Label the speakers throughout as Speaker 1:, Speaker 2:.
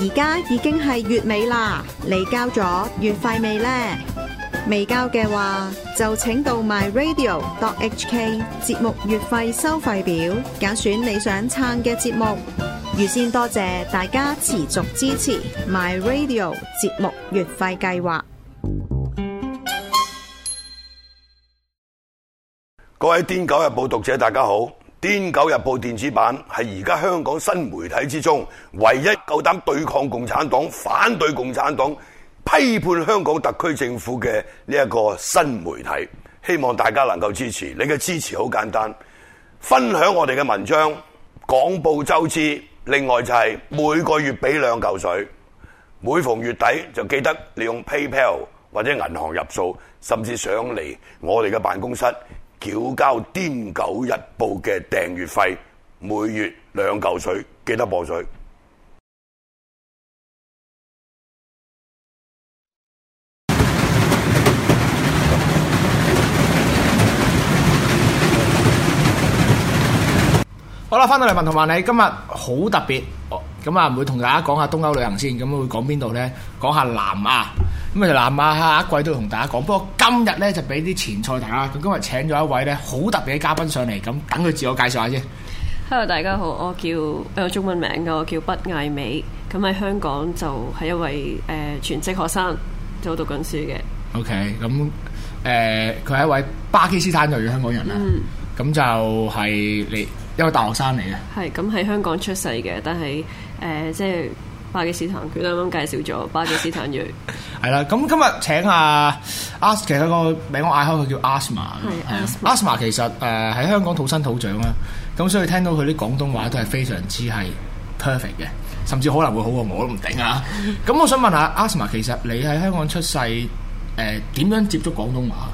Speaker 1: 而家已經係月尾啦，你交咗月費未呢？未交嘅話，就請到 MyRadio.HK 節目月費收費表，揀選你想撐嘅節目。預先多謝大家持續支持 MyRadio 節目月費計劃。各位《癲狗日報》讀者，大家好。《癲狗日報》電子版係而家香港新媒體之中唯一夠膽對抗共產黨、反對共產黨、批判香港特區政府嘅呢一個新媒體，希望大家能夠支持。你嘅支持好簡單，分享我哋嘅文章，廣布周知。另外就係每個月俾兩嚿水，每逢月底就記得利用 PayPal 或者銀行入數，甚至上嚟我哋嘅辦公室。《繳交癲狗日報》嘅訂閱費每月兩嚿水，記得磅水。好啦，翻到嚟問同埋你，今日好特別。咁啊，唔會同大家講下東歐旅行先。咁會講邊度咧？講下南亞。咁啊，南亞下一季都要同大家講。不過今日咧就俾啲前菜，大家。咁今日請咗一位咧好特別嘅嘉賓上嚟。咁等佢自我介紹下先。
Speaker 2: Hello，大家好，我叫誒中文名嘅，我叫畢艾美。咁喺香港就係一位誒全職學生，就讀緊書嘅。
Speaker 1: OK，咁誒佢係一位巴基斯坦裔嘅香港人啦。咁就係你一個大學生嚟嘅。
Speaker 2: 係咁喺香港出世嘅，但係。誒、呃，即係巴基斯坦，佢都啱啱介紹咗巴基斯坦裔。
Speaker 1: 係啦， 咁今日請阿、啊、阿，其實個名我嗌開佢叫阿斯 a 阿 Sma 其實誒喺、uh, 香港土生土長啦，咁所以聽到佢啲廣東話都係非常之係 perfect 嘅，甚至可能會好過我，我都唔定啊！咁我想問下阿 Sma 其實你喺香港出世，誒、呃、點樣接觸廣東話？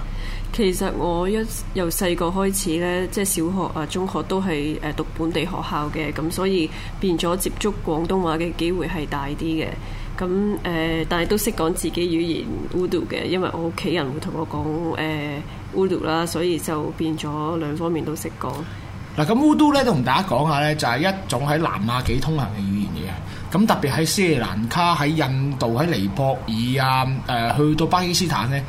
Speaker 2: 其實我一由細個開始咧，即、就、係、是、小學啊、中學都係誒讀本地學校嘅，咁、嗯、所以變咗接觸廣東話嘅機會係大啲嘅。咁、嗯、誒、嗯，但係都識講自己語言烏都嘅，因為我屋企人會同我講、嗯、烏都啦，所以就變咗兩方面都識講。
Speaker 1: 嗱，咁烏都咧都同大家講下咧，就係、是、一種喺南亞幾通行嘅語言嘢。咁特別喺斯里蘭卡、喺印度、喺尼泊爾啊，誒、呃、去到巴基斯坦咧。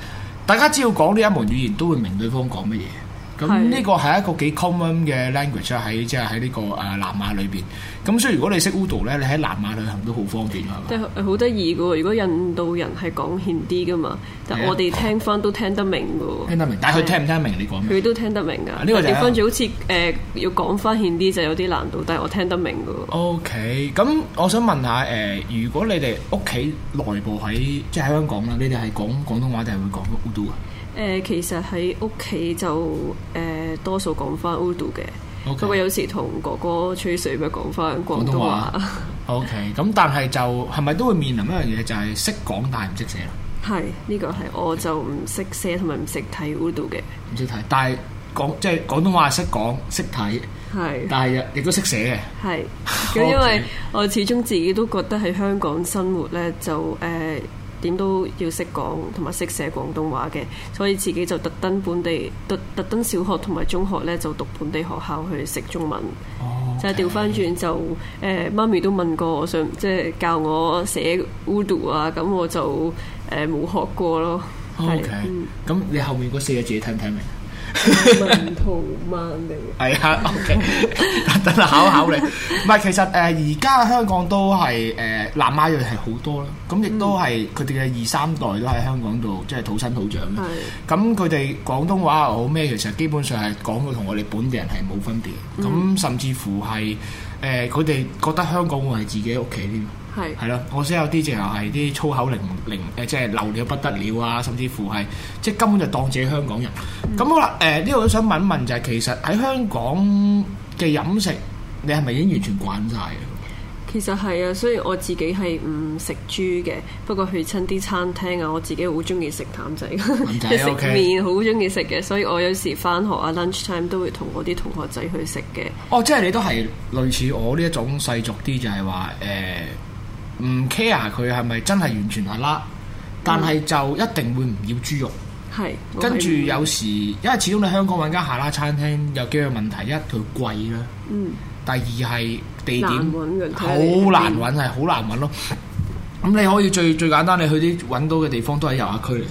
Speaker 1: 大家只要講呢一門語言，都會明對方講乜嘢。咁呢個係一個幾 common 嘅 language 喺即係、就、喺、是、呢、這個誒、呃、南亞裏邊。咁所以如果你識烏度咧，你喺南亞旅行都好方便，係
Speaker 2: 嘛？好得意嘅喎！如果印度人係講 Hindi 啲嘅嘛，但我哋聽翻都聽得明嘅喎。嗯嗯嗯、聽，聽得明，但係佢聽唔
Speaker 1: 聽得明你講咩？佢
Speaker 2: 都聽得明㗎。呢、啊這個地方仲好似誒、呃、要講翻 Hindi 啲就有啲難度，但係我聽得明嘅。
Speaker 1: O K，咁我想問下誒、呃，如果你哋屋企內部喺即係喺香港啦，你哋係講廣東話定係會講烏度啊？
Speaker 2: 誒、呃、其實喺屋企就誒、呃、多數講翻 Udo 嘅，咁啊 Okay. 有時同哥哥吹水咪講翻廣，廣東話。
Speaker 1: OK，咁但係就係咪都會面臨一樣嘢，就係、係、識講但係唔識寫啦。
Speaker 2: 係，呢、呢個係我就唔識寫同埋唔識
Speaker 1: 睇 Udo 嘅。唔識睇，但係廣即係廣東話識講識睇，
Speaker 2: 係，是
Speaker 1: 但係亦都識寫嘅。
Speaker 2: 係是，咁 因為我始終自己都覺得喺香港生活咧就誒。呃點都要識講同埋識寫廣東話嘅，所以自己就特登本地特特登小學同埋中學呢，就讀本地學校去識中文，oh, okay. 就調翻轉，就誒媽咪都問過我，想即係教我寫 Udo 啊，咁我就誒冇、欸、學過咯。OK，
Speaker 1: 咁你後面嗰四個字你聽唔聽明？文圖萬里係啊 OK 等下考考你。唔係，其實誒，而、呃、家香港都係誒、呃、南亞裔係好多啦。咁亦都係佢哋嘅二三代都喺香港度，即、就、係、是、土生土長嘅。咁佢哋廣東話又好咩？其實基本上係講到同我哋本地人係冇分別。咁甚至乎係誒，佢、呃、哋覺得香港會係自己屋企添。係係咯，我識有啲就係啲粗口零零誒，即係流尿不得了啊！甚至乎係即係根本就當自己香港人。咁、嗯、好啦，誒呢度都想問一問、就係，就係其實喺香港嘅飲食，你係咪已經完全慣晒？啊？
Speaker 2: 其實係啊，所以我自己係唔食豬嘅。不過去親啲餐廳啊，我自己好中意食淡仔，麵好中意食嘅。所以我有時翻學啊，lunch time 都會同我啲同學仔去食嘅。
Speaker 1: 哦，即係你都係類似我呢一種世俗啲，就係話誒。呃唔 care 佢係咪真係完全下拉，
Speaker 2: 但係
Speaker 1: 就一定會唔要豬肉。係、嗯、
Speaker 2: 跟住
Speaker 1: 有時，因為始終你香港揾間下拉餐廳有幾個問題：一佢貴啦，嗯，第二係地點
Speaker 2: 好難
Speaker 1: 揾，係好難揾裡咯。咁你可以最最簡單，你去啲揾到嘅地方都係遊客區嚟。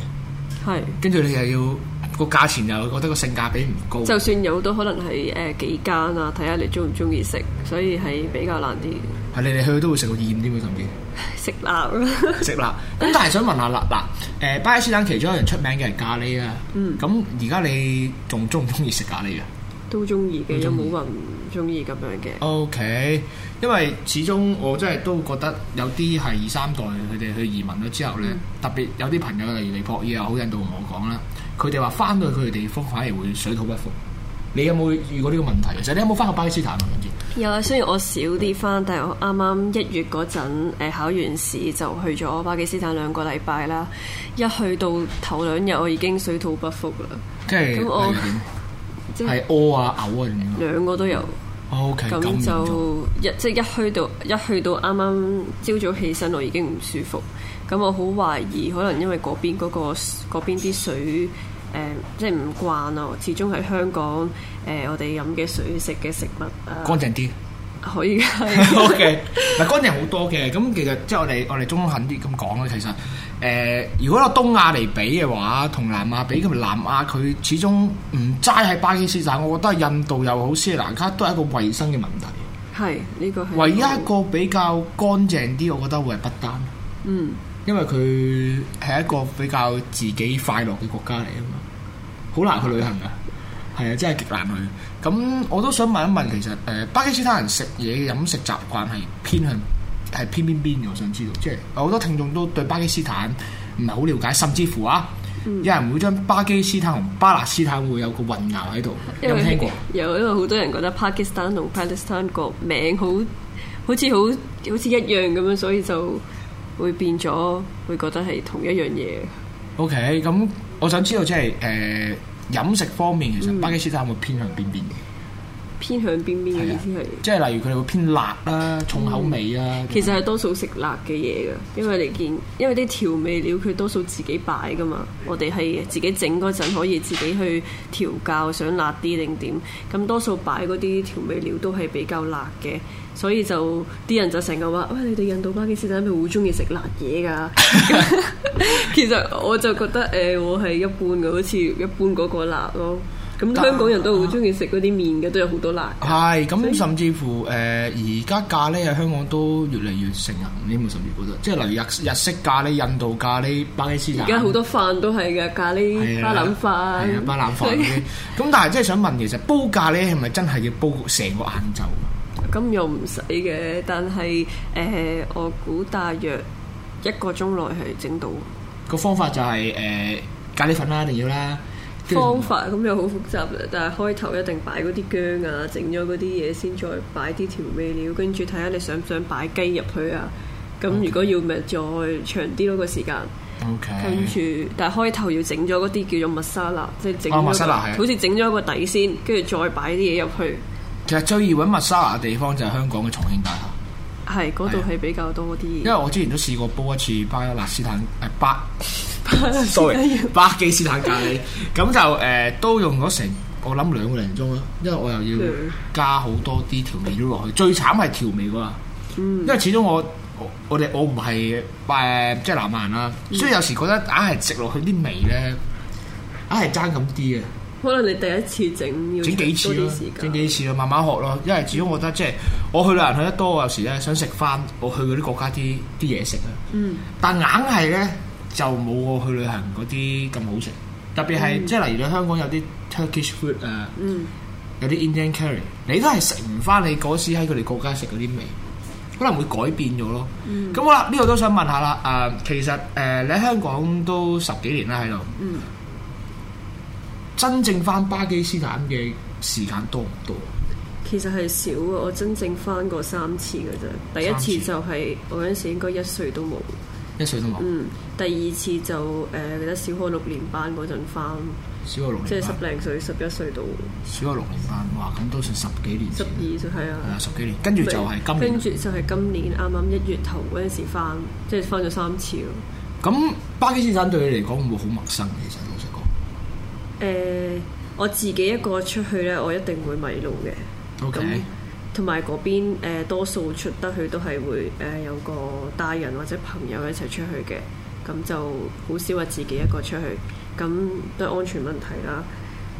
Speaker 1: 係是跟住你又要。個價錢又覺得個性價比唔高，就
Speaker 2: 算有都可能係誒、呃、幾間啊，睇下你中
Speaker 1: 唔中意食，所以係比較難啲。係嚟嚟去去都會食到厭啲㗎，甚至食辣咯。食 辣，咁 但係想問下啦嗱，誒、呃、巴基斯坦其中一樣出名嘅係咖喱啊。嗯。咁而家你仲中唔中意食咖喱啊？
Speaker 2: 都中意嘅，有冇雲？中
Speaker 1: 意咁樣嘅。OK，因為始終我真係都覺得有啲係二三代佢哋去移民咗之後咧，嗯、特別有啲朋友例如尼泊爾啊、好印度同我講啦，佢哋話翻到去佢哋地方反而會水土不服。你有冇遇過呢個問題？其實你有冇翻過巴基斯坦有啊？
Speaker 2: 有，雖然我少啲翻，但係我啱啱一月嗰陣考完試就去咗巴基斯坦兩個禮拜啦。一去到頭兩日，我已經水土不服啦。即係是咁我係屙啊、
Speaker 1: 嘔啊咁樣，呃、
Speaker 2: 兩個都有。嗯咁 Okay, 就一即係一去到 一去到啱啱朝早起身我已經唔舒服，咁我好懷疑可能因為嗰邊嗰個嗰邊啲水誒、呃、即係唔慣咯，始終喺香港誒、呃、我哋飲嘅水食嘅食物啊乾淨啲。呃可以
Speaker 1: 嘅 ，OK。嗱，乾淨好多嘅，咁其實即係我哋我哋中肯啲咁講啦。其實誒、呃，如果喺東亞嚟比嘅話，同南亞比，咁南亞佢始終唔齋喺巴基斯坦，我覺得印度又好，斯里蘭卡都係一個衞生嘅問題。係，呢
Speaker 2: 個係唯一一個
Speaker 1: 比較乾淨啲，我覺得會係不丹。嗯，因為佢係一個比較自己快樂嘅國家嚟啊嘛，好難去旅行嘅。係啊，真係極難去。咁我都想問一問，其實誒巴基斯坦人食嘢飲食習慣係偏向係偏邊邊嘅？我想知道，即係好多聽眾都對巴基斯坦唔係好了解，甚至乎啊，有、嗯、人會將巴基斯坦同巴勒斯坦會有個混淆喺度，為有冇聽過？
Speaker 2: 有，因為好多人覺得 Pakistan 同 Palestine 個名好好似好好似一樣咁樣，所以就會變咗會覺得係同一樣嘢。
Speaker 1: OK，咁我想知道即係誒。呃飲食方面，其實巴基斯坦會偏向邊邊嘅？
Speaker 2: 偏向邊邊嘅意思
Speaker 1: 係、啊，即係例如佢哋會偏辣啦、啊，重口味啊。嗯、其實係
Speaker 2: 多數食辣嘅嘢噶，因為你見，因為啲調味料佢多數自己擺噶嘛，我哋係自己整嗰陣可以自己去調校，想辣啲定點。咁多數擺嗰啲調味料都係比較辣嘅，所以就啲人就成日話：喂、哎，你哋印度巴基斯坦係咪好中意食辣嘢噶？ 其實我就覺得誒、呃，我係一般嘅，好似一般嗰個辣咯。咁香港人都好中意食嗰啲麵嘅，都有好多辣。
Speaker 1: 係咁，甚至乎誒而家咖喱喺香港都越嚟越盛行，呢個甚至乎都，即係例如日日式咖喱、印度咖喱、巴基斯坦。而家好多
Speaker 2: 飯都係嘅咖喱，巴蘭飯，巴蘭飯嘅。
Speaker 1: 咁但係即係想問，其實煲咖喱係咪真係要煲成個晏晝？
Speaker 2: 咁又唔使嘅，但係誒，我估大約一個鐘內係整到。
Speaker 1: 個方法就係誒咖喱粉啦，一定要啦。方法
Speaker 2: 咁又好複雜啦，但係開頭一定擺嗰啲薑啊，整咗嗰啲嘢先，再擺啲調味料，跟住睇下你想唔想擺雞入去啊？咁 Okay. 如果要咪再長啲嗰個時間，
Speaker 1: 跟
Speaker 2: 住 Okay. 但係開頭要整咗嗰啲叫做瑪莎拉，即係整、哦、好似整咗一個底先，跟住再擺啲嘢入去。
Speaker 1: 其實最易揾瑪莎拉嘅地方就係香港嘅重慶大廈，
Speaker 2: 係嗰度係比較多啲。因為我
Speaker 1: 之前都試過煲一次巴勒斯坦誒巴。啊巴 sorry， 巴基斯坦咖喱，咁 就誒、呃、都用咗成，我諗兩個零鐘啦，因為我又要加好多啲調味料落去，最慘係調味噶，嗯、因為始終我我哋我唔係誒即係南亞人啦，嗯、所以有時覺得硬係食落去啲味咧，硬係爭咁啲嘅。
Speaker 2: 可能你第一次整，整幾次
Speaker 1: 整、啊、幾次慢慢學咯。因為始終我覺得即係我去旅行去得多，有時咧想食翻我去嗰啲國家啲啲嘢食啊，嗯、但硬係咧。就冇我去旅行嗰啲咁好食，
Speaker 2: 特別係、嗯、即係
Speaker 1: 例如你香港有啲 Turkish food 啊、嗯，有啲 Indian curry，你都係食唔翻你嗰時喺佢哋國家食嗰啲味，可能會改變咗咯。咁、嗯、好啦，呢、呢個都想問下啦。誒、呃，其實誒、呃、你喺香港都十幾年啦，喺度，嗯，真正翻巴基斯坦嘅時間多唔多？
Speaker 2: 其實係少啊。我真正翻過三次嘅啫。第一次就係、是、次我嗰陣時應該一歲都冇。
Speaker 1: 一歲都冇。嗯，
Speaker 2: 第二次就誒、呃、記得小學六年班嗰陣翻。
Speaker 1: 小學六年。即係十
Speaker 2: 零歲，十一歲到。
Speaker 1: 小學六年班，哇，咁都算十幾年。十二歲係啊。係啊，十幾年。跟住就係今年。跟住
Speaker 2: 就係今年，啱啱一月頭嗰陣時翻，即係翻咗三次。
Speaker 1: 咁巴基斯坦對你嚟講會唔會好陌生？其實老實講。
Speaker 2: 誒、呃，我自己一個出去咧，我一定會迷路嘅。OK。同埋嗰邊、呃、多數出得去都係會誒、呃、有個大人或者朋友一齊出去嘅，咁就好少話自己一個出去，咁都係安全問題啦。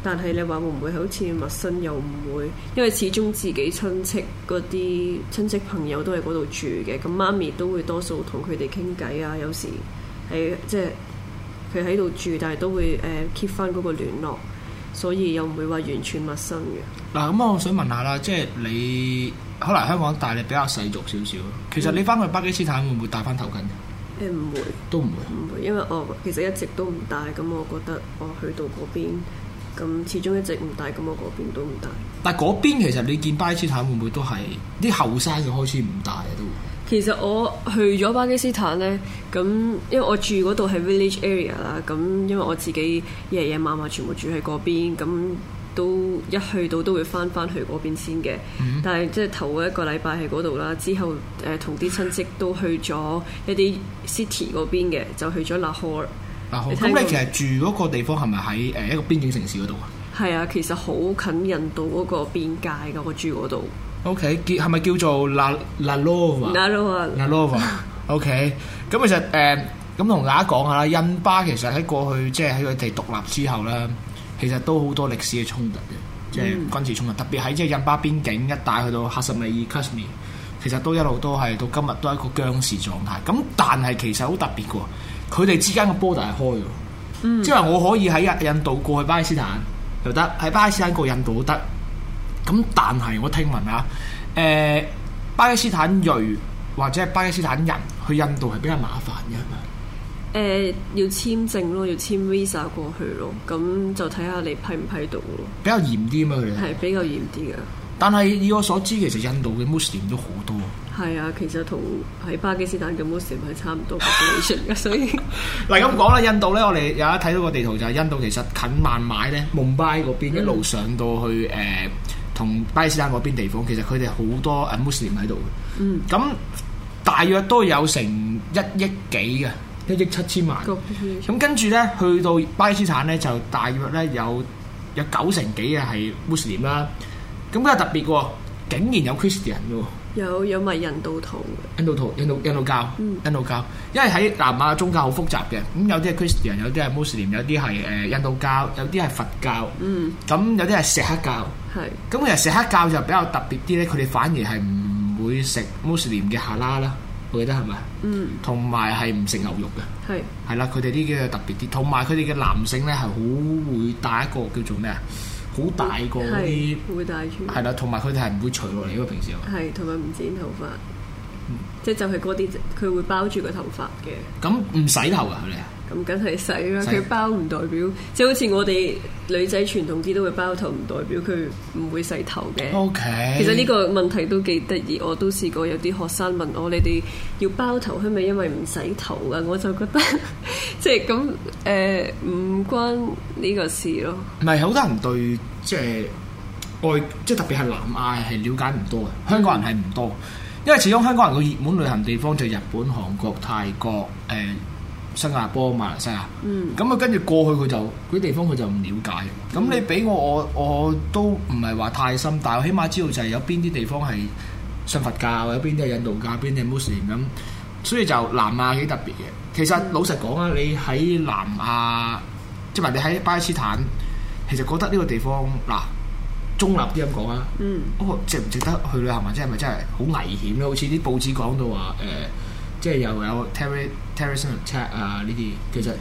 Speaker 2: 但係你話會唔會好似陌生又唔會，因為始終自己親戚嗰啲親戚朋友都喺嗰度住嘅，咁媽咪都會多數同佢哋傾偈啊，有時喺即係佢喺度住，但係都會誒 keep 翻嗰個聯絡。所以又唔會話完全陌生嘅。
Speaker 1: 嗱、嗯，咁我想問下啦，即係你可能香港戴你比較世俗少少，其實你翻去巴基斯坦會唔會戴翻頭巾？誒
Speaker 2: 唔、嗯、會，都唔會。唔會，因為我其實一直都唔戴，咁我覺得我去到嗰邊，咁始終一直唔戴，咁我嗰邊都唔戴。
Speaker 1: 但係嗰邊其實你見巴基斯坦會唔會都係啲後生嘅開始唔戴都會？
Speaker 2: 其實我去咗巴基斯坦呢，咁因為我住嗰度係 village area 啦，咁因為我自己爺爺嫲嫲全部住喺嗰邊，咁都一去到都會翻翻去嗰邊先嘅。嗯、但係即係頭一個禮拜喺嗰度啦，之後誒同啲親戚都去咗一啲 city 嗰邊嘅，就去咗拉荷。
Speaker 1: 拉荷咁你其實住嗰個地方係咪喺誒一個邊境城市嗰度啊？
Speaker 2: 係啊，其實好近印度嗰個邊界㗎我住嗰度。
Speaker 1: O K，叫係咪叫做 La Lova？La l o v a O K，咁其實誒，咁、呃、同大家講下啦，印巴其實喺過去即係喺佢哋獨立之後咧，其實都好多歷史嘅衝突嘅，即、就、係、是、軍事衝突。嗯、特別喺即係印巴邊境一帶去到喀什米爾 k a s 其實都一路都係到今日都係一個僵持狀態。咁但係其實好特別嘅喎，佢哋之間嘅波大 r d 開嘅，即係、嗯、我可以喺印度過去巴基斯坦又得，喺巴基斯坦過印度都得。咁但係我聽聞啊，誒、呃、巴基斯坦裔或者係巴基斯坦人去印度係比較麻煩嘅啊，誒、
Speaker 2: 呃、要簽證咯，要簽 visa 過去咯，咁就睇下你批唔批到咯
Speaker 1: 比，比較嚴啲啊嘛，佢係
Speaker 2: 比較嚴啲嘅。
Speaker 1: 但係以我所知，其實印度嘅 Muslim 都好多。
Speaker 2: 係啊，其實同喺巴基斯坦嘅 Muslim 係差唔多
Speaker 1: generation 嘅， 所以嗱咁講啦，印度咧，我哋有一睇到個地圖就係印度其實近孟買咧，孟買嗰邊一路上到去誒。Mm. Mm. Mm. 同巴基斯坦嗰邊地方，其實佢哋好多 muslim 喺度嘅，咁、嗯、大約都有成一億幾嘅，一億七千萬。咁、嗯、跟住咧，去到巴基斯坦咧，就大約咧有有九成幾嘅係 muslim 啦。咁比較特別嘅喎，竟然有 Christian 喎。
Speaker 2: 有有埋印度徒
Speaker 1: 印度徒、印度、印度教、印度教，因為喺南亞宗教好複雜嘅，咁有啲係 Christian，有啲係 Muslim，有啲係誒印度教，有啲係佛教，咁、嗯、有啲係錫克教。係是，咁其實錫克教就比較特別啲咧，佢哋反而係唔會食 Muslim 嘅哈拉啦，我記得係咪？嗯，同埋係唔食牛肉嘅。係是，係啦，佢哋呢啲嘅特別啲，同埋佢哋嘅男性咧係好會戴一個叫做咩。好大個嗰啲，
Speaker 2: 會戴嘅，係啦，
Speaker 1: 同埋佢哋係唔會除落嚟嘅平時，
Speaker 2: 係同埋唔剪頭髮，嗯、即係就係嗰啲，佢會包住個頭髮嘅。
Speaker 1: 咁唔洗頭啊？佢哋
Speaker 2: 唔緊係洗啦，佢的包唔代表即係好似我哋女仔傳統啲都會包頭，唔代表佢唔會洗頭嘅。OK，
Speaker 1: 其實呢個
Speaker 2: 問題都幾得意，我都試過有啲學生問我：你哋要包頭，係咪因為唔洗頭啊？我就覺得即係咁誒，唔、 呃、關呢個事咯。
Speaker 1: 唔係好多人對即係外即係特別係南亞係了解唔多嘅，香港人係唔多，嗯、因為始終香港人嘅熱門旅行地方就日本、韓國、泰國誒。呃新加坡、馬來西亞，咁啊跟住過去佢就嗰啲地方佢就唔了解。咁你俾我我我都唔係話太深，但係我起碼知道就係有邊啲地方係信佛教，有邊啲係印度教，邊啲係 Muslim 咁。所以就南亞幾特別嘅。其實、嗯、老實講啊，你喺南亞，即係話你喺巴基斯坦，其實覺得呢個地方嗱中立啲咁講啊，哦、值不過值唔值得去旅行，或者係咪真係好危險咧？好似啲報紙講到話誒、呃，即係又有 terrorist 泰式木柴啊！呢啲其實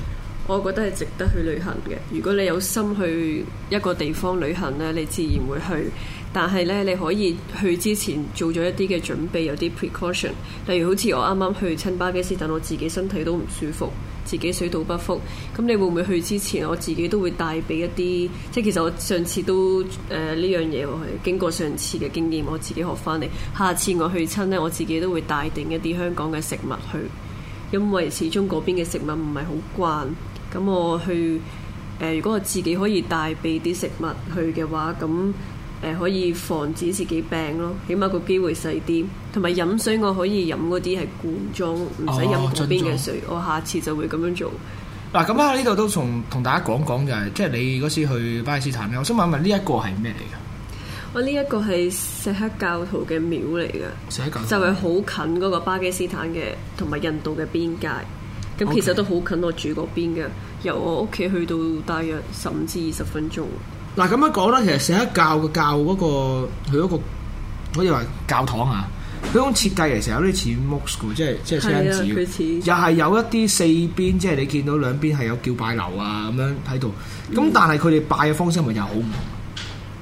Speaker 1: 我覺得係值得去旅行嘅。
Speaker 2: 如果你有心去一個地方旅行呢，你自然會去。但係呢，你可以去之前做咗一啲嘅準備，有啲 precaution。例如好似我啱啱去親巴基斯坦，我自己身體都唔舒服，自己水土不服。咁你會唔會去之前，我自己都會帶俾一啲，即係其實我上次都誒呢、呃、樣嘢我去。經過上次嘅經驗，我自己學翻嚟，下次我去親呢，我自己都會帶定一啲香港嘅食物去。因為始終嗰邊嘅食物唔係好慣，咁我去誒、呃，如果我自己可以帶備啲食物去嘅話，咁誒、呃、可以防止自己病咯，起碼個機會細啲。同埋飲水我可以飲嗰啲係罐裝，唔使、哦、飲嗰邊嘅水，中我下次就會咁樣做。
Speaker 1: 嗱，咁啊，呢度、啊、都同同大家講講就係，即係你嗰時去巴基斯坦咧，我想問問呢一個係咩嚟㗎？
Speaker 2: 我呢一個係錫克教徒嘅廟嚟嘅，錫克教就係好近嗰個巴基斯坦嘅同埋印度嘅邊界。咁其實都好近我住嗰邊嘅，Okay. 由我屋企去到大約十五至二十分鐘。
Speaker 1: 嗱咁、啊、樣講啦，其實錫克教嘅教嗰個佢嗰個，可、那個那個、以話教堂啊，佢種設計其實有啲似 mosque 即係即係相似。又係有一啲四邊，即係你見到兩邊係有叫拜樓啊咁樣喺度。
Speaker 2: 咁但係
Speaker 1: 佢哋拜嘅方式咪又好唔同？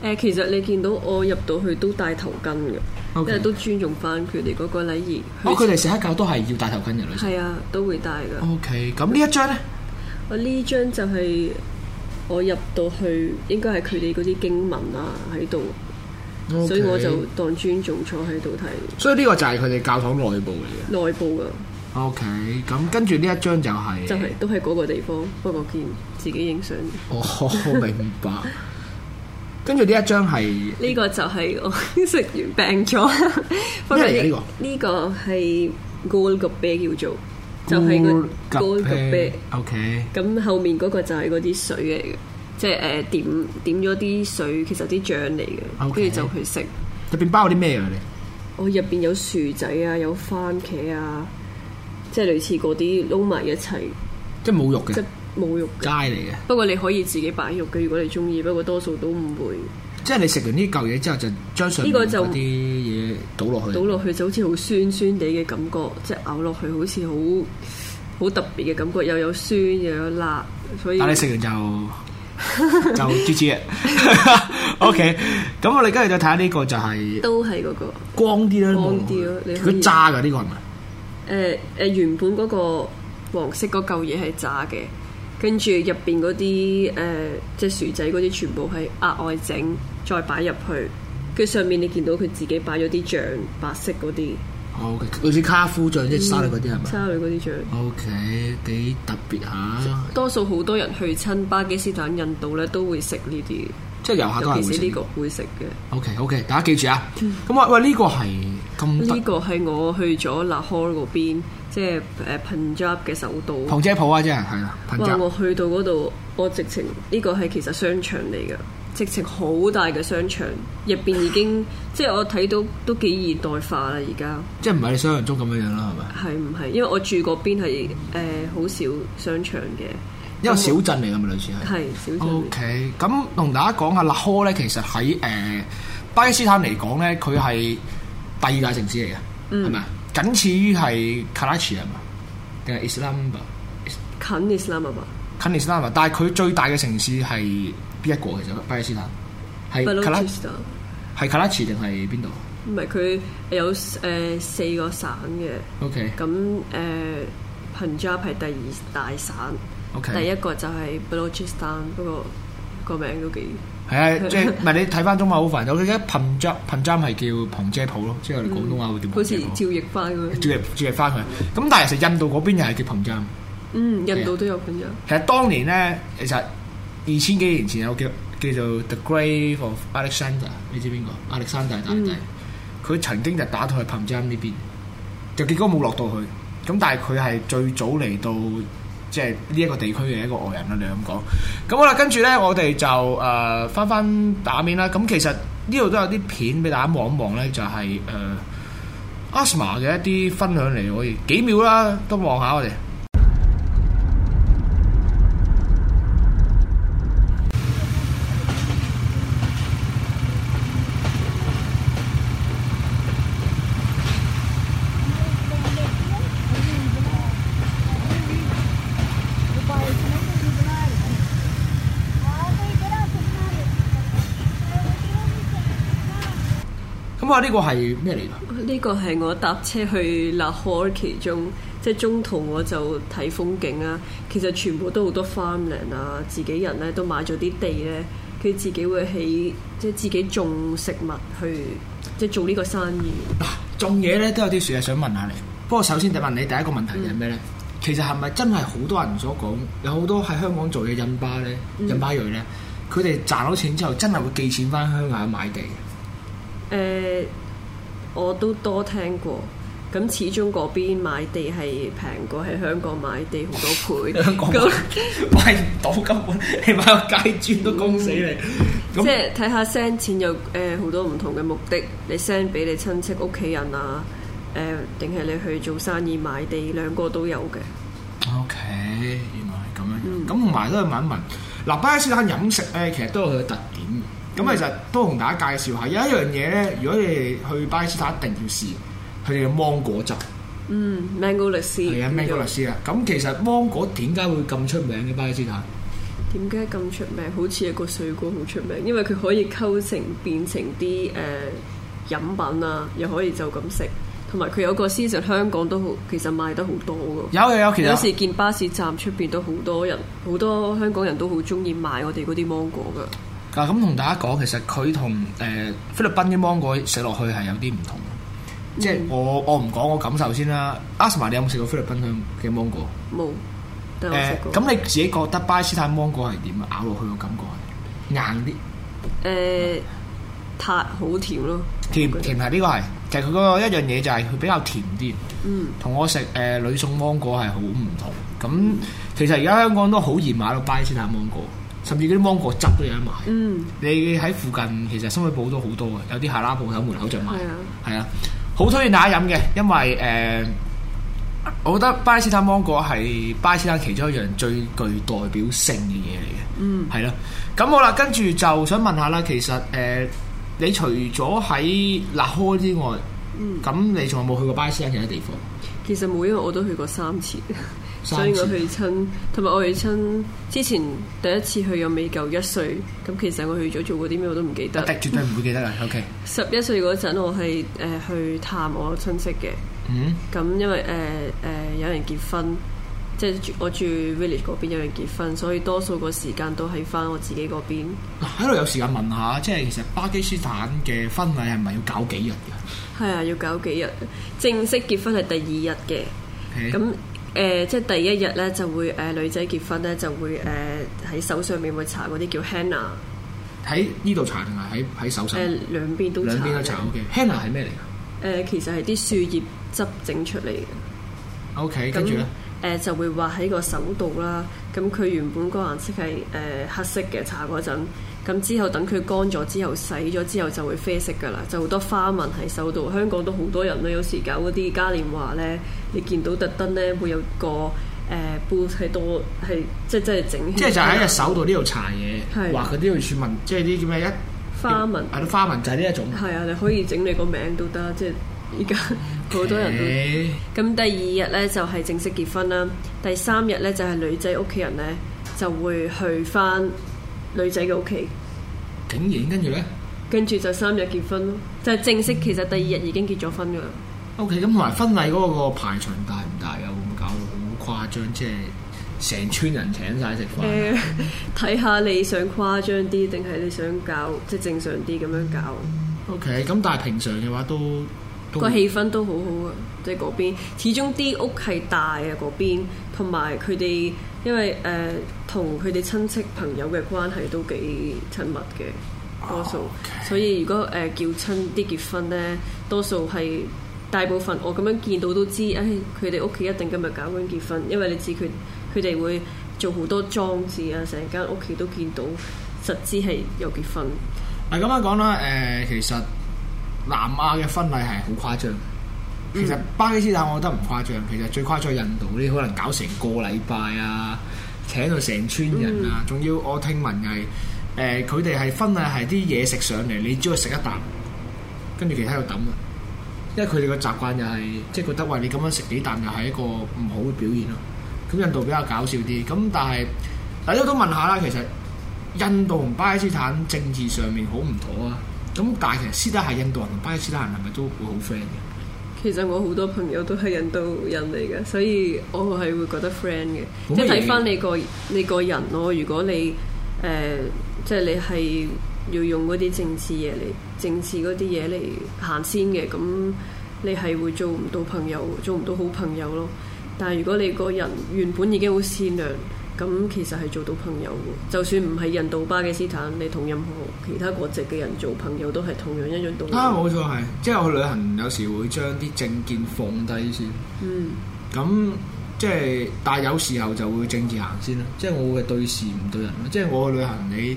Speaker 2: 誒，其實你見到我入到去都戴頭巾嘅，因
Speaker 1: 為 Okay. 都尊
Speaker 2: 重翻佢哋嗰個禮儀。哦，佢哋
Speaker 1: 成日教都係要戴頭巾嘅女。係
Speaker 2: 啊，都會戴㗎。OK，咁呢一張咧？我呢張就係我入到去，應該係佢哋嗰啲經文啊喺度，Okay. 所以我就當尊重坐喺度睇。
Speaker 1: 所以呢個就係佢哋教堂內部
Speaker 2: 嚟嘅。內
Speaker 1: 部㗎。OK，咁跟住呢一張就係、是、就係、是、
Speaker 2: 都係嗰個地方，不過見自己影相。
Speaker 1: 哦，明白。 跟住呢一張係
Speaker 2: 呢個就係我食完病咗
Speaker 1: 但是、這個，
Speaker 2: 呢個呢個係 Gol Gappa，叫做，就係個 Gol Gappa。OK，咁後面嗰個就係嗰啲水嚟嘅，即係誒點點咗啲水，其實啲醬嚟嘅，跟住 Okay. 就去食。
Speaker 1: 入邊包啲咩啊？你？
Speaker 2: 我入邊有薯仔啊，有番茄啊，即係類似嗰啲撈埋一齊，
Speaker 1: 即係冇肉嘅。冇肉，齋嚟嘅。不
Speaker 2: 過你可以自己擺肉嘅，如果你中意。不過多數都唔會。
Speaker 1: 即係你食完呢嚿嘢之後，就將上面嗰啲嘢倒落去。倒落
Speaker 2: 去就好似好酸酸地嘅感覺，即、就、係、是、咬落去好似好好特別嘅感覺，又有,有酸又有,有辣。所以你食完就 就知知
Speaker 1: 啦。 OK，咁我哋今日就，睇下呢個就係都係嗰、那個光啲啦，光啲。
Speaker 2: 如果炸嘅呢、這個係咪？誒誒、呃呃，原本嗰個黃色嗰嚿嘢係炸嘅。跟住入邊嗰啲誒，即薯仔嗰啲全部係額外整，再擺入去。跟上面你見到佢自己擺咗啲醬，白色嗰啲。
Speaker 1: O K，好似卡夫醬即、嗯、沙律嗰啲係咪？沙律嗰啲醬。O K，幾特別嚇、啊。
Speaker 2: 多數好多人去親巴基斯坦、印度咧，都會食呢啲。即遊客都係會食其實呢個會食
Speaker 1: 嘅。O K，O K，大家記住啊。
Speaker 2: 咁喂、嗯、喂，呢、這個
Speaker 1: 係咁？呢
Speaker 2: 個係我去咗拉呵嗰邊。即係 j 旁遮嘅首都，旁、呃、遮普啊，即
Speaker 1: 係係啦。哇！我
Speaker 2: 去到嗰度，我直情呢、這個係其實商場嚟噶，直情好大嘅商場入邊已經即係我睇到都幾現代化啦，而家即係唔
Speaker 1: 係你想象中咁樣樣啦，
Speaker 2: 係咪？係唔係？因為我住嗰邊係好、呃、少商場嘅，
Speaker 1: 一個小鎮嚟噶嘛，類似係。係、嗯、小鎮。O K，咁同大家講下拉荷咧，其實喺誒、呃、巴基斯坦嚟講咧，佢係第二大城市嚟嘅，係咪？僅次於係卡拉奇係嘛？定係 Islamabad？Is
Speaker 2: 近 Islamabad。
Speaker 1: 近 Islamabad，但係佢最大嘅城市係邊一個其實？巴基斯坦係係卡拉奇定係邊度？
Speaker 2: 唔係佢有誒、呃、四個省嘅。OK。咁誒 Punjab 係第二大省。O K。第一個就係 Balochistan 不過個名都
Speaker 1: 幾。係啊， 即係唔係你睇翻中文好煩咗，佢一 Punjab，Punjab 係叫旁遮普咯，即係我哋廣東話會點講？好
Speaker 2: 似趙亦花咁樣花。
Speaker 1: 趙亦花佢，咁但係其實印度嗰邊又係叫 Punjab。
Speaker 2: 印度都有 Punjab。
Speaker 1: 其實當年咧，其實二千幾年前有叫叫做 The Great Alexander，你知邊個？亞歷山大大帝，佢、嗯、曾經就打到去 Punjab 呢邊，就結果冇落到去。咁但係佢係最早嚟到。即係呢一個地區嘅一個外人啦，你咁講。咁好啦，跟住咧，我哋就誒、呃、翻翻打面啦。咁其實呢度都有啲片俾大家望一望咧，就係、是、誒、呃、Asma 嘅一啲分享嚟，可以幾秒啦，都望下我哋。哇！呢、啊這個係咩嚟㗎？
Speaker 2: 呢個係我搭車去 Lahore，其中即係中途我就睇風景啊。其實全部都好多 farmland 啊，自己人咧都買咗啲地咧，佢自己會起，即係自己種食物去，即係做呢個生
Speaker 1: 意。嗱、啊，種嘢咧都有啲事係，想問下你。不過首先就問你第一個問題係咩咧？嗯、其實係咪真係好多人所講，有好多喺香港做嘢印巴咧、印巴裔咧，佢哋賺到錢之後真係會寄錢翻鄉下買地？
Speaker 2: 誒，uh, 我都多聽過，咁始終嗰邊買地係平過喺香港
Speaker 1: 買地好多倍，香港買唔到，根本你買個街磚都供死你。嗯、
Speaker 2: 那即係睇下 send 錢有誒好、呃、多唔同嘅目的，你 send 俾你親戚屋企人啊，誒定係你去做生意買地，兩個都有嘅。
Speaker 1: O、okay, K，原來係咁樣，咁唔係都係問一問，嗱、呃，巴基斯坦飲食咧、呃，其實都有佢嘅特點。咁、嗯、其實都同大家介紹下，有一樣嘢咧，如果你去巴基斯坦，一定要試佢哋嘅芒果汁。嗯，mango lassi 係啊，mango lassi 啊。咁、嗯、其實芒果點解會咁出名咧？巴基斯坦
Speaker 2: 點解咁出名？好似一個水果好出名，因為佢可以溝成變成啲誒、呃、飲品啊，又可以就咁食。同埋佢有，有個時節，香港都好，其實賣得好多噶。有有有，其實有時見巴士站出邊都好多人，好多香港人都好中意買我哋嗰啲芒果噶。
Speaker 1: 啊！咁同大家講，其實佢同誒菲律賓啲芒果食落去係有啲唔同。即係我我唔講我感受先啦。阿斯瑪，你有冇食過菲律賓嘅芒果？冇，
Speaker 2: 都冇食過。咁你
Speaker 1: 自己覺得巴基斯坦芒果係點啊？咬落去個感覺係硬啲。誒，
Speaker 2: 塌好甜咯。
Speaker 1: 甜甜係呢個係，其實佢嗰個一樣嘢就係佢比較甜啲。同我食誒呂宋芒果係好唔同。咁其實而家香港都好易買到巴基斯坦芒果。甚至啲芒果汁都有得賣。嗯，你喺附近其實新會寶都好多嘅，有啲下拉鋪頭門口就賣。係啊，好、啊、推薦大家飲嘅，因為誒、呃，我覺得巴基斯坦芒果係巴基斯坦其中一樣最具代表性嘅嘢嚟嘅。嗯，係咯、啊。咁好啦，跟住就想問下啦，其實誒、呃，你除咗喺那開之外，咁、嗯、你仲有冇去過巴基斯坦其他地方？
Speaker 2: 其實每一個我都去過三次。 所以我去親，同埋我去親之前第一次去又未夠一歲，咁其實我去咗做過啲咩我都唔記得。絕對唔
Speaker 1: 會記得啦。OK。
Speaker 2: 十一歲嗰陣，我係誒去探我親戚嘅。嗯。咁因為誒誒、呃呃、有人結婚，即、就、係、是、住我住 village 嗰邊有人結婚，所以多數個時間都喺返我自己嗰邊。
Speaker 1: 喺度、啊、有時間問下，即係其實巴基斯坦嘅婚禮係咪要搞幾日㗎？
Speaker 2: 係 啊，要搞幾日？正式結婚係第二日嘅。咁 Okay.。誒、呃、即係第一日咧，就會誒、呃、女仔結婚咧，就會誒喺、呃、手上面會搽嗰啲叫 henna
Speaker 1: 喺呢度搽定係喺喺手上？誒
Speaker 2: 兩邊都。兩邊都搽。都 Okay. henna 係咩嚟㗎？誒、呃、其實係啲樹葉汁整出嚟
Speaker 1: 嘅。O.K. 跟住咧。
Speaker 2: 誒、呃、就會畫喺個手度啦，咁、呃、佢原本個顏色係誒、呃、黑色嘅，搽嗰陣。咁之後等佢乾咗之後，洗咗之後就會啡色噶啦，就好多花紋喺手度。香港都好多人咧，有時搞嗰啲嘉年華咧，你見到特登咧會有個誒、呃、布喺度，係即係即係整。即係就喺個
Speaker 1: 手度呢度搽嘢，畫嗰啲咁樣串紋，即係啲叫咩？一花紋，係花紋就係呢一種。係
Speaker 2: 啊，你可以整你個名都得，即係依家好多人都咁。Okay. 第二日咧就係、是、正式結婚啦，第三日咧就係、是、女仔屋企人咧就會去翻。女仔嘅屋企，
Speaker 1: 竟然跟住咧，
Speaker 2: 跟住就三日結婚咯，就係、正式。嗯、其實第二日已經結咗婚噶啦。
Speaker 1: O K，咁同埋婚禮嗰個個排場大唔大啊？會唔會搞到好誇張？即係成村人請晒食飯。
Speaker 2: 睇下、呃、你想誇張啲，定係你想搞即係正常啲咁樣搞。O K，
Speaker 1: 咁但係平常嘅話都個氣都
Speaker 2: 氛都好好啊。即係嗰邊，始終啲屋係大啊嗰邊，同埋佢哋。因為誒同佢哋親戚朋友嘅關係都幾親密嘅，多數，oh, okay. 所以如果誒、呃、叫親啲結婚呢，多數係大部分我咁樣見到都知，誒佢哋屋企一定今日搞緊結婚，因為你知佢佢哋會做好多裝置啊，成間屋企都見到，實知
Speaker 1: 係有結婚。嗱咁樣講啦，誒、呃、其實南亞嘅婚禮係好誇張。其實巴基斯坦我覺得唔誇張，其實最誇張印度啲可能搞成個禮拜啊，請到成村人啊，仲要我聽聞係，誒，佢哋係分啊係啲嘢食上嚟，你只係食一啖，跟住其他喺度抌啦，因為佢哋嘅習慣又係，即係覺得喂，你咁樣食幾啖又係一個唔好嘅表現咯。咁印度比較搞笑啲，咁但係大家都問下啦，其實印度同巴基斯坦政治上面好唔妥啊？咁但係其實私底下印度人同巴基斯坦人係咪都會好 friend 嘅？
Speaker 2: 其實我好多朋友都係印度人嚟嘅，所以我係會覺得 friend 嘅， 即係睇翻你個你個人咯。如果你誒、呃、即係你係要用嗰啲政治嘢嚟政治嗰啲嘢嚟行先嘅，咁你係會做唔到朋友，做唔到好朋友咯。但係如果你個人原本已經好善良。咁其實係做到朋友嘅，就算唔係印度巴基斯坦，你同任何其他國籍嘅人做朋友都係同樣一種道理。啊，冇
Speaker 1: 錯係，即係我旅行有時會將啲政見放低先。嗯，咁即係，但係有時候就會政治行先啦。即係我嘅對事唔對人，即係我嘅旅行你。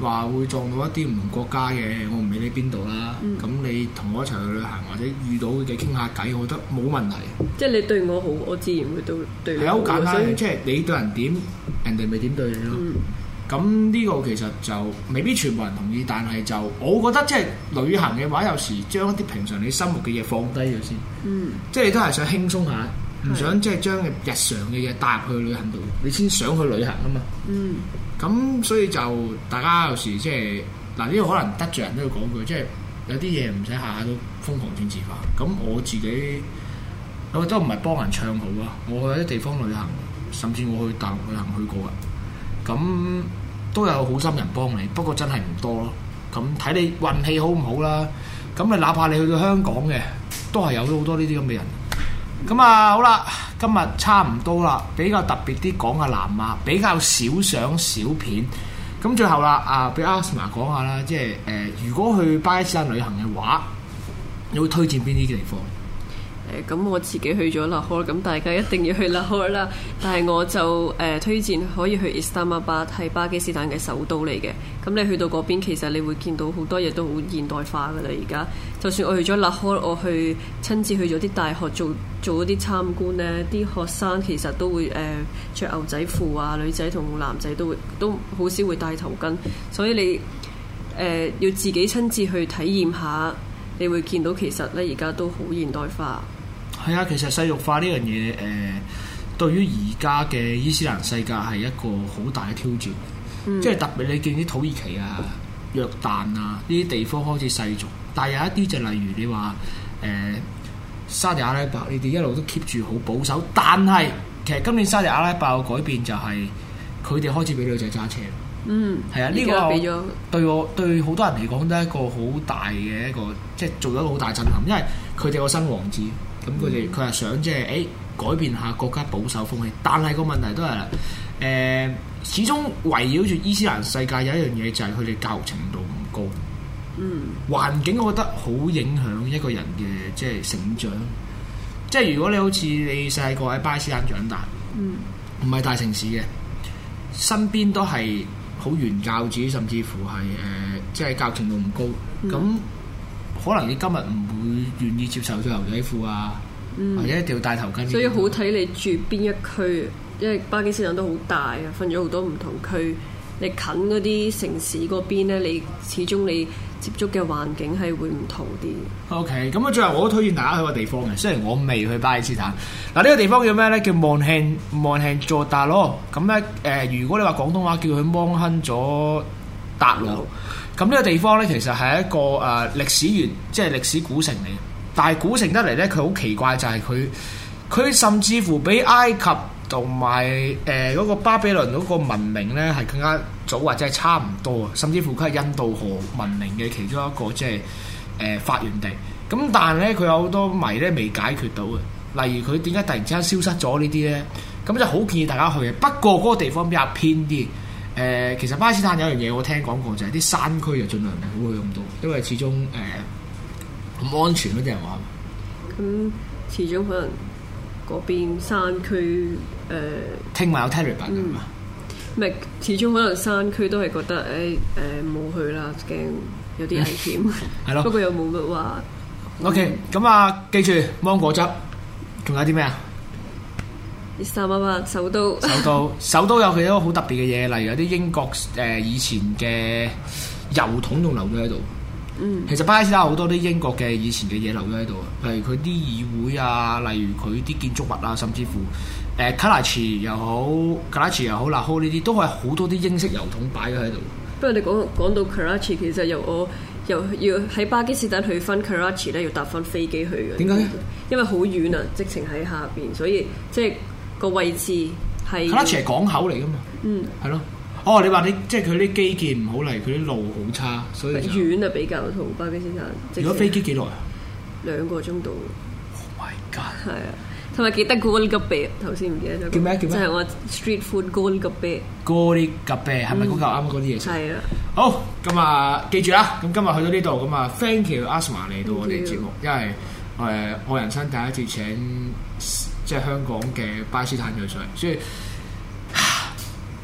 Speaker 1: 話會撞到一啲唔同國家嘅，我唔理你邊度啦。咁、嗯、你同我一齊去旅行，或者遇到嘅傾下偈，我覺得冇問題。即
Speaker 2: 係你對我好，我自然會對對你好。係好簡單，即係
Speaker 1: 你對人點，人哋咪點對你咯。咁呢、嗯、個其實就未必全部人同意，但係就我覺得，即係旅行嘅話，有時將一啲平常你生活嘅嘢放低咗先。嗯，即係你都係想輕鬆下，唔的想即係將日常嘅嘢帶入去旅行度，你先想去旅行啊嘛。嗯。咁所以就大家有時即係嗱，呢個可能得罪人都要講句，即係有啲嘢唔使下下都瘋狂政治化。咁我自己咁都唔係幫人唱好啊！我去啲地方旅行，甚至我去大陸旅行去過啊！咁都有好心人幫你，不過真係唔多咯。咁睇你運氣好唔好啦。咁你哪怕你去到香港嘅，都係有好多呢啲咁嘅人。咁啊，好啦。今日差唔多啦，比較特別啲講下南亞，比較少上小片。咁最後啦，啊，俾阿斯馬講下啦，即係誒、呃，如果去巴基斯坦旅行嘅話，你會推薦邊啲地方？
Speaker 2: 誒咁、嗯、我自己去咗拉合爾，咁大家一定要去拉合爾啦。但係我就誒、呃、推薦可以去伊斯蘭巴德，係巴基斯坦嘅首都嚟嘅。咁、嗯、你去到嗰邊，其實你會見到好多嘢都好現代化噶啦。而家就算我去咗拉合爾，我去親自去咗啲大學做做啲參觀，呢啲學生其實都會誒著、呃、牛仔褲啊，女仔同男仔都會都好少會戴頭巾，所以你誒、呃、要自己親自去體驗下，你會見到其實咧而家都好現代化。
Speaker 1: 係啊，其實世俗化呢樣嘢，誒、呃，對於而家嘅伊斯蘭世界係一個好大嘅挑戰。嗯、即係特別你見啲土耳其啊、約旦啊呢啲地方開始世俗，但係有一啲就例如你話誒、呃、沙地阿拉伯，你哋一路都 keep 住好保守，但係、嗯、其實今年沙地阿拉伯嘅改變就係佢哋開始俾女仔揸車。嗯，
Speaker 2: 係啊，呢個俾咗
Speaker 1: 對我對好多人嚟講都係一個好大嘅一個，即、就、係、是、做咗好大震撼，因為佢哋個新王子。咁佢哋佢話想即係，誒改變下國家保守風氣，但係個問題都係，誒始終圍繞住伊斯蘭世界有一樣嘢就係佢哋教育程度唔高。嗯，環境我覺得好影響一個人嘅即係成長。即係如果你好似你細個喺巴基斯坦長大，嗯，唔係大城市嘅，身邊都係好原教旨，甚至乎係誒即係教程度唔高，嗯，咁。可能你今日唔會願意接受著牛仔褲啊，嗯、或者一定要戴頭巾、啊。所以好
Speaker 2: 睇你住邊一區，因為巴基斯坦都好大啊，分咗好多唔同區。你近嗰啲城市嗰邊咧，你始終你接觸嘅環境係會唔同啲。
Speaker 1: O K，咁啊，最後我都推薦大家去個地方嘅，雖然我未去巴基斯坦。嗱，呢個地方叫咩咧？叫望亨望亨佐達羅。咁咧，誒、呃，如果你話廣東話叫佢芒亨佐達羅。咁呢個地方呢，其實係一個誒、呃、歷史園，即係歷史古城嚟。但係古城得嚟呢，佢好奇怪就，就係佢佢甚至乎比埃及同埋誒嗰個巴比倫嗰個文明呢，係更加早或者係差唔多啊。甚至乎佢係印度河文明嘅其中一個即係誒發源地。咁但係呢，佢有好多謎呢，未解決到嘅，例如佢點解突然之間消失咗呢啲呢？咁就好建議大家去嘅，不過嗰個地方比較偏啲。誒、呃，其實巴基斯坦有樣嘢我聽講過，就係、是、啲山區就盡量唔好去咁多，因為始終誒唔、呃、安全咯啲人話。咁、
Speaker 2: 嗯、始終可能嗰邊山區誒，呃、
Speaker 1: 聽話有 terrorist 啊嘛、嗯。唔
Speaker 2: 係、嗯，始終可能山區都係覺得誒誒冇去啦，驚有啲危險。係咯。不過又冇乜話。O K，
Speaker 1: 咁啊，記住芒果汁，仲有啲咩啊？
Speaker 2: 三啊萬首
Speaker 1: 都，首都 首都有幾多好特別嘅嘢，例如有啲英國誒、呃、以前嘅郵筒仲留咗喺度。
Speaker 2: 嗯，其實
Speaker 1: 巴基斯坦好多啲英國嘅以前嘅嘢留咗喺度，譬如佢啲議會啊，例如佢啲建築物啊，甚至乎誒、呃、卡拉奇又好，卡拉奇又好，拉庫呢啲都係好多啲英式郵筒擺咗喺度。
Speaker 2: 不過你講講到卡拉奇，其實由我由要喺巴基斯坦去翻卡拉奇咧，要搭翻飛機
Speaker 1: 去嘅。點解？
Speaker 2: 因為好遠啊，直情喺下邊，所以即係。個位置係，卡拉奇係港口嚟噶嘛？嗯，
Speaker 1: 係咯。哦，你話你即係佢啲基建唔好嚟，佢啲路好差，所以遠
Speaker 2: 啊比較同巴基斯坦，如果飛機幾耐啊？兩個鐘到。Oh my god！係啊，同埋記得嘅喎呢個鼻，頭先唔記得咗叫咩叫咩？就係我 street food Gold 嘅鼻。
Speaker 1: g o l 係咪嗰嚿啱啱講啲嘢？係啊。好，咁啊，記住啦。咁今日去到呢度，咁啊，thank you Asma 嚟到我哋節目，因為誒，我人生第一次請，請。即係香港嘅巴基斯坦裔，所以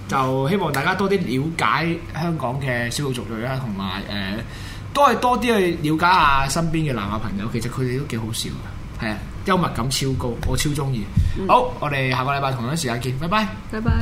Speaker 1: 就希望大家多啲了解香港嘅小眾族裔啦，同埋誒，都、呃、係多啲去了解下身邊嘅南亞朋友。其實佢哋都幾好笑嘅，係啊，幽默感超高，我超中意。嗯、好，我哋下個禮拜同樣時間見，拜拜，
Speaker 2: 拜拜。